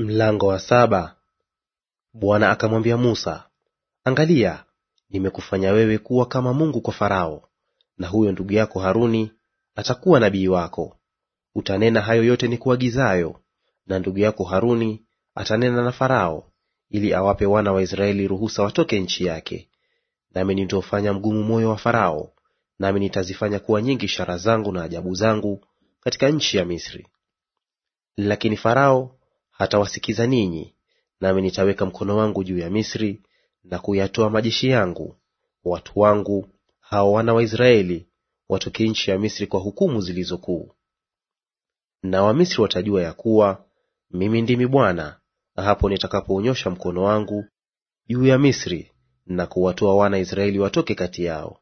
Mlango wa saba. Bwana akamwambia Musa, Angalia, nimekufanya wewe kuwa kama Mungu kwa Farao, na huyo ndugu yako Haruni atakuwa nabii wako. Utanena hayo yote ni kuagizayo na ndugu yako Haruni atanena na Farao, ili awape wana wa Israeli ruhusa watoke nchi yake. Nami nitofanya mgumu moyo wa Farao, nami nitazifanya kuwa nyingi ishara zangu na ajabu zangu katika nchi ya Misri. Lakini Farao hatawasikiza ninyi, nami nitaweka mkono wangu juu ya Misri na kuyatoa majeshi yangu, watu wangu hao wana wa Israeli watoke nchi ya Misri kwa hukumu zilizokuu Na Wamisri watajua ya kuwa mimi ndimi Bwana hapo nitakapounyosha mkono wangu juu ya Misri na kuwatoa wana Israeli watoke kati yao.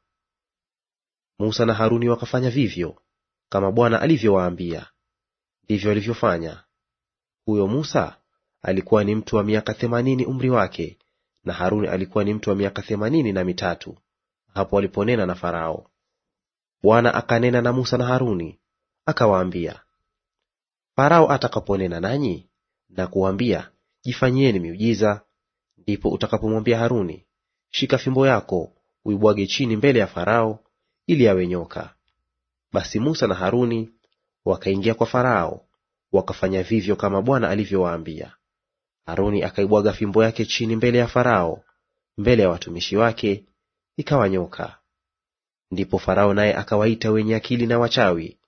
Musa na Haruni wakafanya vivyo kama Bwana alivyowaambia, ndivyo walivyofanya. Huyo Musa alikuwa ni mtu wa miaka themanini umri wake, na Haruni alikuwa ni mtu wa miaka themanini na mitatu hapo aliponena na Farao. Bwana akanena na Musa na Haruni akawaambia, Farao atakaponena nanyi na kuwaambia, jifanyieni miujiza, ndipo utakapomwambia Haruni, shika fimbo yako uibwage chini mbele ya Farao ili awe nyoka. Basi Musa na Haruni wakaingia kwa Farao, Wakafanya vivyo kama Bwana alivyowaambia. Aroni akaibwaga fimbo yake chini mbele ya Farao, mbele ya watumishi wake, ikawanyoka. Ndipo Farao naye akawaita wenye akili na wachawi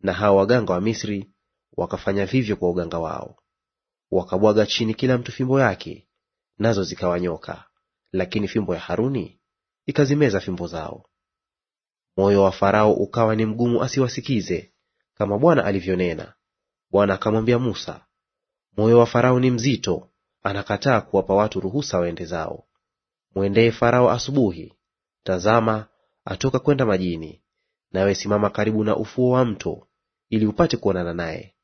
na hao waganga wa Misri, wakafanya vivyo kwa uganga wao. Wakabwaga chini kila mtu fimbo yake, nazo zikawanyoka, lakini fimbo ya Haruni ikazimeza fimbo zao. Moyo wa Farao ukawa ni mgumu asiwasikize, kama Bwana alivyonena, Bwana akamwambia Musa, moyo wa Farao ni mzito, anakataa kuwapa watu ruhusa waende zao. Mwendee Farao asubuhi, tazama, atoka kwenda majini, nawe simama karibu na ufuo wa mto, ili upate kuonana naye,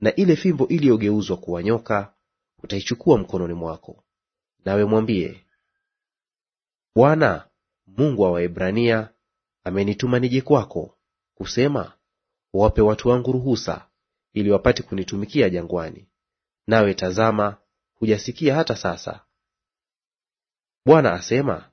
na ile fimbo iliyogeuzwa kuwa nyoka utaichukua mkononi mwako, nawe mwambie, Bwana Mungu wa Waebrania amenituma nije kwako kusema, wape watu wangu ruhusa ili wapate kunitumikia jangwani. Nawe tazama, hujasikia hata sasa. Bwana asema,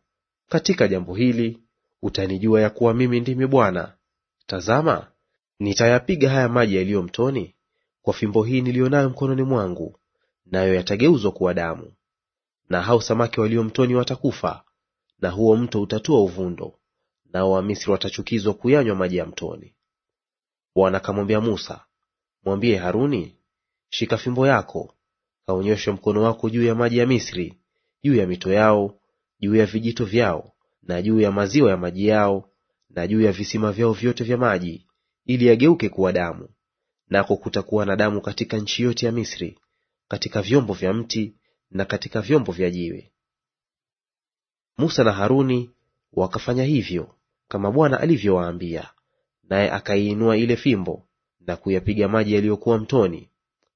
katika jambo hili utanijua ya kuwa mimi ndimi Bwana. Tazama, nitayapiga haya maji yaliyo mtoni kwa fimbo hii niliyo nayo mkononi mwangu, nayo yatageuzwa kuwa damu, na hao samaki walio mtoni watakufa, na huo mto utatua uvundo, nao Wamisri watachukizwa kuyanywa maji ya mtoni. Bwana akamwambia Musa, Mwambie Haruni, shika fimbo yako, kaonyeshe mkono wako juu ya maji ya Misri, juu ya mito yao, juu ya vijito vyao, na juu ya maziwa ya maji yao, na juu ya visima vyao vyote vya maji, ili yageuke kuwa damu. Nako kutakuwa na damu katika nchi yote ya Misri, katika vyombo vya mti na katika vyombo vya jiwe. Musa na Haruni wakafanya hivyo kama Bwana alivyowaambia, naye akaiinua ile fimbo na kuyapiga maji yaliyokuwa mtoni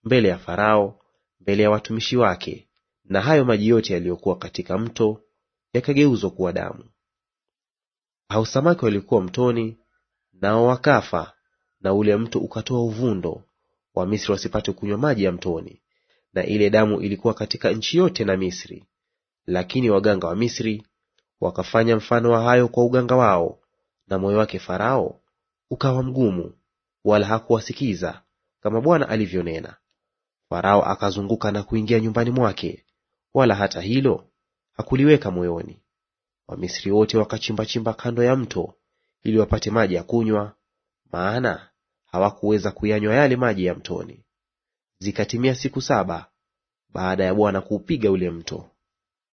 mbele ya Farao, mbele ya watumishi wake, na hayo maji yote yaliyokuwa katika mto yakageuzwa kuwa damu. Hao samaki walikuwa mtoni, nao wakafa, na ule mto ukatoa uvundo, wa misri wasipate kunywa maji ya mtoni. Na ile damu ilikuwa katika nchi yote na Misri. Lakini waganga wa Misri wakafanya mfano wa hayo kwa uganga wao, na moyo wake Farao ukawa mgumu, wala hakuwasikiza kama Bwana alivyonena. Farao akazunguka na kuingia nyumbani mwake, wala hata hilo hakuliweka moyoni. Wamisri wote wakachimbachimba kando ya mto ili wapate maji ya kunywa, maana hawakuweza kuyanywa yale maji ya mtoni. Zikatimia siku saba baada ya Bwana kuupiga ule mto.